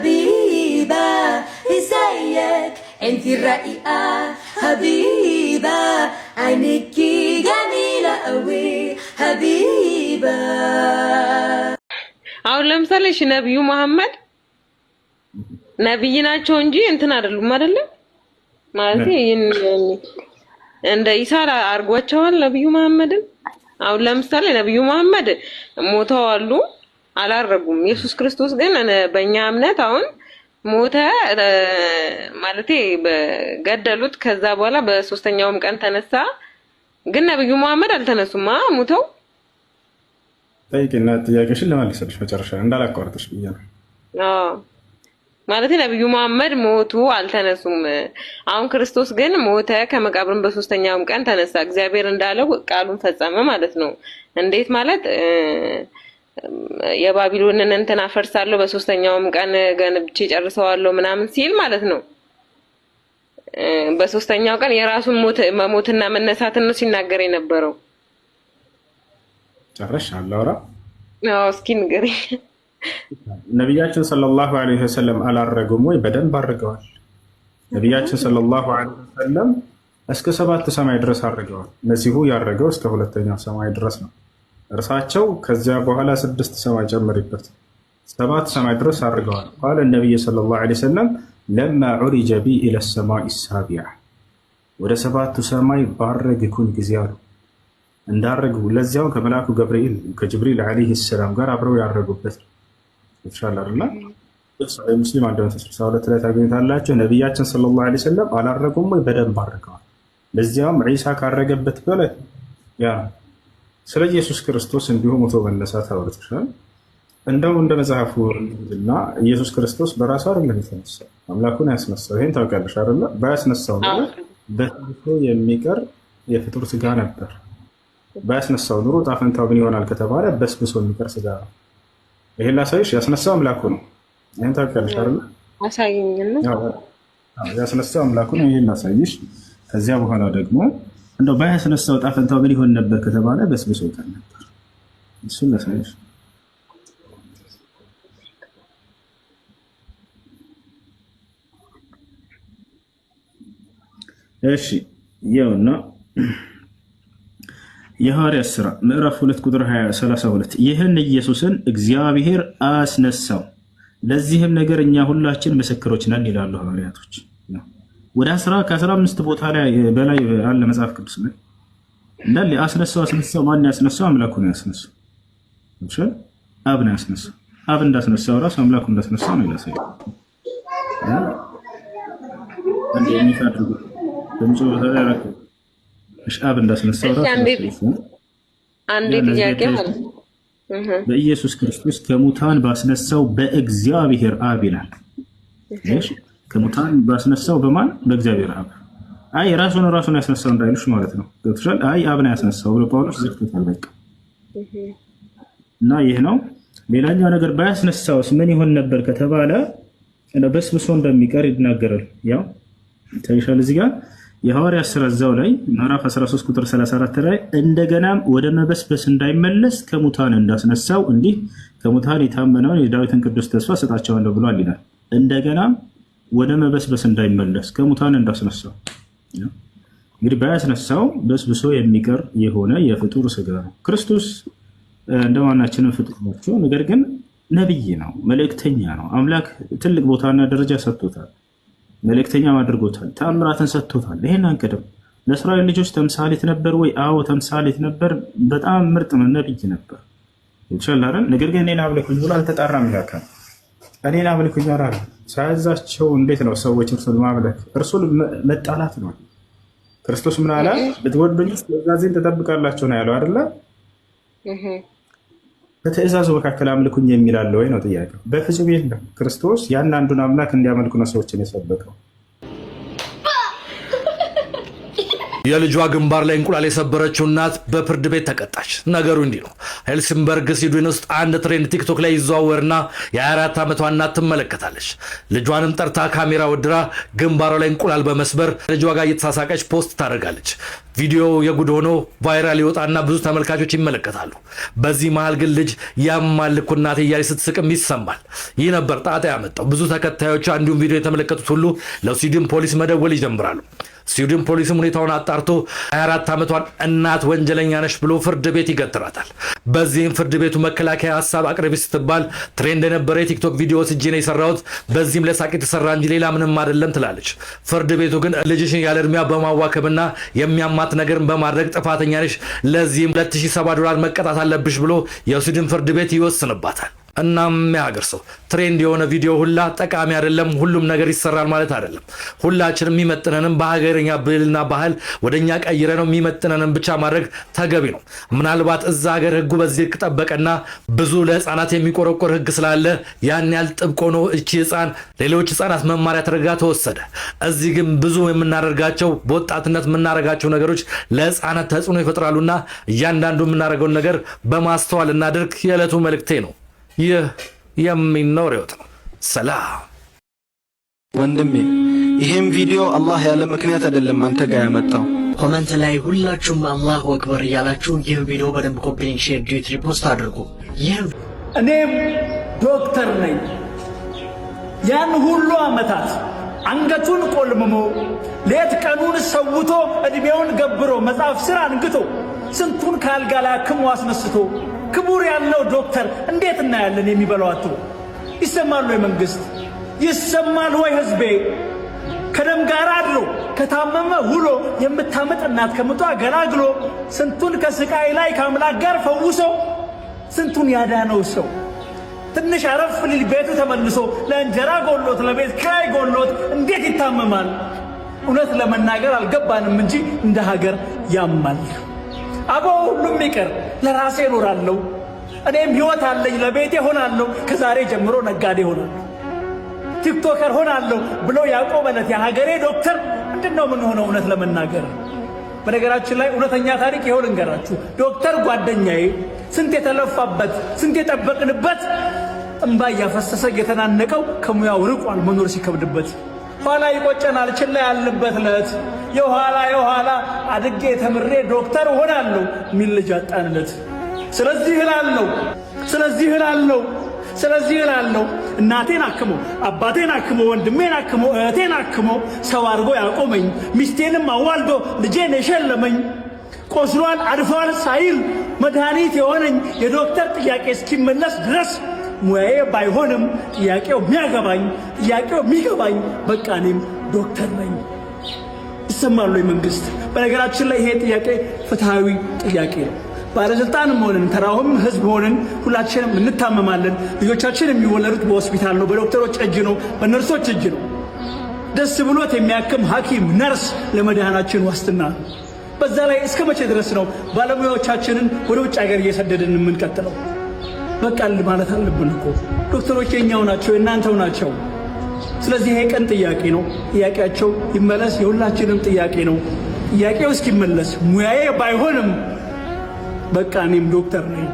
حبيبة ازيك انتي الرقيقة حبيبة عينيكي جميلة قوي حبيبة አሁን ለምሳሌ እሺ ነብዩ መሐመድ ነብይ ናቸው እንጂ እንትን አይደሉም አይደለ? ማለት እንደ ኢሳ አድርጓቸዋል ነብዩ መሐመድን። አሁን ለምሳሌ ነብዩ መሐመድ አሉ። አላረጉም። ኢየሱስ ክርስቶስ ግን በእኛ እምነት አሁን ሞተ ማለት በገደሉት ከዛ በኋላ በሶስተኛውም ቀን ተነሳ። ግን ነብዩ መሐመድ አልተነሱማ ሙተው። ጠይቂና ጥያቄሽን ለመልሰልሽ መጨረሻ እንዳላቋርጥሽ ብዬ ነው። ማለት ነብዩ መሐመድ ሞቱ፣ አልተነሱም። አሁን ክርስቶስ ግን ሞተ፣ ከመቃብርን በሶስተኛውም ቀን ተነሳ። እግዚአብሔር እንዳለው ቃሉን ፈጸመ ማለት ነው። እንዴት ማለት የባቢሎንን እንትን አፈርሳለሁ በሶስተኛውም ቀን ገንብቼ ጨርሰዋለሁ ምናምን ሲል ማለት ነው። በሶስተኛው ቀን የራሱን ሞት መሞትና መነሳትን ነው ሲናገር የነበረው። ጨረሽ አላውራ። እስኪ ንገሪኝ። ነቢያችን ሰለላሁ ዐለይሂ ወሰለም አላረጉም ወይ? በደንብ አድርገዋል። ነቢያችን ሰለላሁ ዐለይሂ ወሰለም እስከ ሰባት ሰማይ ድረስ አድርገዋል። መሲሁ ያረገው እስከ ሁለተኛው ሰማይ ድረስ ነው። እርሳቸው ከዚያ በኋላ ስድስት ሰማይ ጨምሪበት ሰባት ሰማይ ድረስ አድርገዋል። ቃለ ነቢይ ሰለላሁ ዐለይሂ ወሰለም ለማ ዑሪጀ ቢ ኢለ ሰማይ ሳቢያ ወደ ሰባቱ ሰማይ ባረግኩን ጊዜ አሉ እንዳረጉ ለዚያው ከመልአኩ ገብርኤል ከጅብሪል ዐለይሂ ሰላም ጋር አብረው ያረጉበት ይሻል አላ ሙስሊም 162 ላይ ታገኝታላቸው። ነቢያችን ሰለላሁ ዐለይሂ ወሰለም አላረጉም ወይ? በደንብ አድርገዋል። ለዚያውም ዒሳ ካረገበት በለት ያ ነው ስለ ኢየሱስ ክርስቶስ እንዲሁ ሞቶ መነሳት አውርተሻል። እንደው እንደ መጽሐፉ እና ኢየሱስ ክርስቶስ በራሱ አይደለም የተነሳው፣ አምላኩን ያስነሳው። ይህን ታውቂያለሽ አይደለ? ባያስነሳው ኑሮ በተልኮ የሚቀር የፍጡር ስጋ ነበር። ባያስነሳው ኑሮ ዕጣ ፈንታው ምን ይሆናል ከተባለ በስብሶ የሚቀር ስጋ ነው። ይህን ላሳይሽ፣ ያስነሳው አምላኩ ነው። ይህን ታውቂያለሽ አይደለ? ያስነሳው አምላኩ ነው። ይህን ላሳይሽ። ከዚያ በኋላ ደግሞ እንደው ባያስነሳው ዕጣ ፈንታው ምን ይሆን ነበር ከተባለ በስብሶ ይቀር ነበር። እሱን ላሳየሽ። እሺ ይኸውና የሐዋርያት ሥራ ምዕራፍ 2 ቁጥር 32 ይህን ኢየሱስን እግዚአብሔር አስነሳው፣ ለዚህም ነገር እኛ ሁላችን ምስክሮች ነን ይላሉ ሐዋርያቶች። ወደ አስራ ከአስራ አምስት ቦታ ላይ በላይ አለ መጽሐፍ ቅዱስ ላይ እንዳለ አስነሳው አስነሳው። ማን ያስነሳው? አምላኩ ነው ያስነሳው። አብ ነው ያስነሳው። አብ እንዳስነሳው ራሱ አምላኩ እንዳስነሳው ነው ይላሳ አብ እንዳስነሳው በኢየሱስ ክርስቶስ ከሙታን ባስነሳው በእግዚአብሔር አብ ይላል። ከሙታን ባስነሳው በማን በእግዚአብሔር አብ። አይ ራሱን ራሱን ያስነሳው እንዳይሉሽ ማለት ነው። ገብቶሻል? አይ አብን ያስነሳው ብሎ ጳውሎስ ዘግቶታል። በቃ እና ይህ ነው። ሌላኛው ነገር ባያስነሳውስ ምን ይሆን ነበር ከተባለ በስብሶ እንደሚቀር ይናገራል። ያው ታይሻል እዚህ ጋር የሐዋርያ ሥራ እዛው ላይ ምዕራፍ 13 ቁጥር 34 ላይ እንደገናም ወደ መበስበስ እንዳይመለስ ከሙታን እንዳስነሳው እንዲህ ከሙታን የታመነውን የዳዊትን ቅዱስ ተስፋ ሰጣቸዋለሁ ብሏል ይላል። እንደገናም ወደ መበስበስ እንዳይመለስ ከሙታን እንዳስነሳው እንግዲህ ባያስነሳው በስብሶ የሚቀር የሆነ የፍጡር ስጋ ነው። ክርስቶስ እንደማናችንም ፍጡር ናቸው። ነገር ግን ነቢይ ነው፣ መልእክተኛ ነው። አምላክ ትልቅ ቦታና ደረጃ ሰጥቶታል። መልእክተኛም አድርጎታል። ተአምራትን ሰጥቶታል። ይሄን አንቀደም ለእስራኤል ልጆች ተምሳሌት ነበር ወይ? አዎ ተምሳሌት ነበር። በጣም ምርጥ ነው፣ ነብይ ነበር። ይቻላል። ነገር ግን እኔን አምልኩኝ ብሎ አልተጣራም። ይላካል እኔን አምልኩኝ አላለም። ሳያዛቸው እንዴት ነው ሰዎች እርሱን ማምለክ? እርሱን መጣላት ነው። ክርስቶስ ምን አለ? ብትወዱኝ ትእዛዜን ትጠብቃላችሁ ነው ያለው አይደለ? በትእዛዙ መካከል አምልኩኝ የሚላለ ወይ ነው ጥያቄው። በፍጹም የለም። ክርስቶስ ያን አንዱን አምላክ እንዲያመልኩ ነው ሰዎችን የሰበከው። የልጇ ግንባር ላይ እንቁላል የሰበረችው እናት በፍርድ ቤት ተቀጣች። ነገሩ እንዲህ ነው። ሄልሲንበርግ ስዊድን ውስጥ አንድ ትሬንድ ቲክቶክ ላይ ይዘዋወርና የ24 ዓመቷ እናት ትመለከታለች። ልጇንም ጠርታ ካሜራ ወድራ ግንባሯ ላይ እንቁላል በመስበር ልጇ ጋር እየተሳሳቀች ፖስት ታደርጋለች። ቪዲዮ የጉድ ሆኖ ቫይራል ይወጣና ብዙ ተመልካቾች ይመለከታሉ። በዚህ መሃል ግን ልጅ ያማልኩ እናት እያለች ስትስቅም ይሰማል። ይህ ነበር ጣጣ ያመጣው። ብዙ ተከታዮች፣ እንዲሁም ቪዲዮ የተመለከቱት ሁሉ ለስዊድን ፖሊስ መደወል ይጀምራሉ። ስዊድን ፖሊስም ሁኔታውን አጣርቶ 24 ዓመቷን እናት ወንጀለኛ ነሽ ብሎ ፍርድ ቤት ይገትራታል። በዚህም ፍርድ ቤቱ መከላከያ ሀሳብ አቅርቢ ስትባል ትሬንድ የነበረ የቲክቶክ ቪዲዮ ስጄ ነው የሰራሁት፣ በዚህም ለሳቅ የተሰራ እንጂ ሌላ ምንም አይደለም ትላለች። ፍርድ ቤቱ ግን ልጅሽን ያለ እድሜያ በማዋከብና የሚያማት ነገርን በማድረግ ጥፋተኛ ነሽ፣ ለዚህም 2070 ዶላር መቀጣት አለብሽ ብሎ የስዊድን ፍርድ ቤት ይወስንባታል። እናም ያገር ሰው ትሬንድ የሆነ ቪዲዮ ሁላ ጠቃሚ አይደለም። ሁሉም ነገር ይሰራል ማለት አይደለም። ሁላችንም የሚመጥነንም በሀገርኛ ብልና ባህል ወደኛ ቀይረ ነው የሚመጥነንም ብቻ ማድረግ ተገቢ ነው። ምናልባት እዛ ሀገር ህጉ በዚህ ልክ ጠበቀና ብዙ ለህፃናት የሚቆረቆር ህግ ስላለ ያን ያህል ጥብቆ ነው እቺ ህፃን ሌሎች ህፃናት መማሪያ ተደርጋ ተወሰደ። እዚህ ግን ብዙ የምናደርጋቸው በወጣትነት የምናደርጋቸው ነገሮች ለህፃናት ተጽዕኖ ይፈጥራሉና እያንዳንዱ የምናደርገውን ነገር በማስተዋል እናድርግ። የዕለቱ መልእክቴ ነው። ይህ የሚኖር ነው። ሰላም ወንድሜ፣ ይህም ቪዲዮ አላህ ያለ ምክንያት አይደለም አንተ ጋር ያመጣው። ኮመንት ላይ ሁላችሁም አላሁ አክበር እያላችሁ ይህ ቪዲዮ በደንብ ኮፒሊንግ፣ ሼር፣ ዲዩት ሪፖስት አድርጉ። ይህ እኔም ዶክተር ነኝ ያን ሁሉ ዓመታት አንገቱን ቆልምሞ ሌት ቀኑን ሰውቶ እድሜውን ገብሮ መጽሐፍ ስር አንግቶ ስንቱን ከአልጋ ላይ አክሞ አስነስቶ ክቡር ያለው ዶክተር እንዴት እናያለን የሚበሏቱ ይሰማል ወይ መንግስት ይሰማል ወይ ህዝቤ ከደም ጋር አድሮ ከታመመ ውሎ የምታምጥ እናት ከምጧ አገላግሎ ስንቱን ከስቃይ ላይ ከአምላክ ጋር ፈውሶ ስንቱን ያዳነው ሰው ትንሽ አረፍ ሊል ቤቱ ተመልሶ ለእንጀራ ጎሎት ለቤት ከላይ ጎሎት እንዴት ይታመማል? እውነት ለመናገር አልገባንም እንጂ እንደ ሀገር ያማል። አበው ሁሉም ይቅር፣ ለራሴ እኖራለሁ። እኔም ህይወት አለኝ፣ ለቤቴ ሆናለሁ። ከዛሬ ጀምሮ ነጋዴ ሆናለሁ፣ ቲክቶከር ሆናለሁ ብሎ ያቆመለት የሀገሬ ዶክተር ምንድን ነው ምን እውነት ለመናገር በነገራችን ላይ እውነተኛ ታሪክ ይኸው ልንገራችሁ። ዶክተር ጓደኛዬ ስንት የተለፋበት ስንት የጠበቅንበት እምባ እያፈሰሰ እየተናነቀው ከሙያው ርቋል መኖር ሲከብድበት ኋላ ይቆጨናል። ችላ ያልንበት ዕለት የኋላ የኋላ አድጌ ተምሬ ዶክተር እሆናለሁ ሚል ልጅ አጣንለት። ስለዚህ እላለሁ ስለዚህ እላለሁ ስለዚህ እላለሁ እናቴን አክሞ አባቴን አክሞ ወንድሜን አክሞ እህቴን አክሞ ሰው አድርጎ ያቆመኝ ሚስቴንም አዋልዶ ልጄን የሸለመኝ ቆስሏል አድፏል ሳይል መድኃኒት የሆነኝ የዶክተር ጥያቄ እስኪመለስ ድረስ ሙያዬ ባይሆንም ጥያቄው የሚያገባኝ ጥያቄው የሚገባኝ በቃ እኔም ዶክተር ነኝ ይሰማሉ መንግስት። በነገራችን ላይ ይሄ ጥያቄ ፍትሐዊ ጥያቄ ነው። ባለስልጣንም ሆንን ተራውም ህዝብ ሆንን ሁላችንም እንታመማለን። ልጆቻችን የሚወለዱት በሆስፒታል ነው፣ በዶክተሮች እጅ ነው፣ በነርሶች እጅ ነው። ደስ ብሎት የሚያክም ሐኪም ነርስ ለመድሃናችን ዋስትና በዛ ላይ እስከ መቼ ድረስ ነው ባለሙያዎቻችንን ወደ ውጭ ሀገር እየሰደድን የምንቀጥለው? በቃል ማለት አለብን እኮ ዶክተሮች የኛው ናቸው፣ የእናንተው ናቸው። ስለዚህ ይሄ ቀን ጥያቄ ነው። ጥያቄያቸው ይመለስ፣ የሁላችንም ጥያቄ ነው። ጥያቄው እስኪመለስ ሙያዬ ባይሆንም በቃ እኔም ዶክተር ነኝ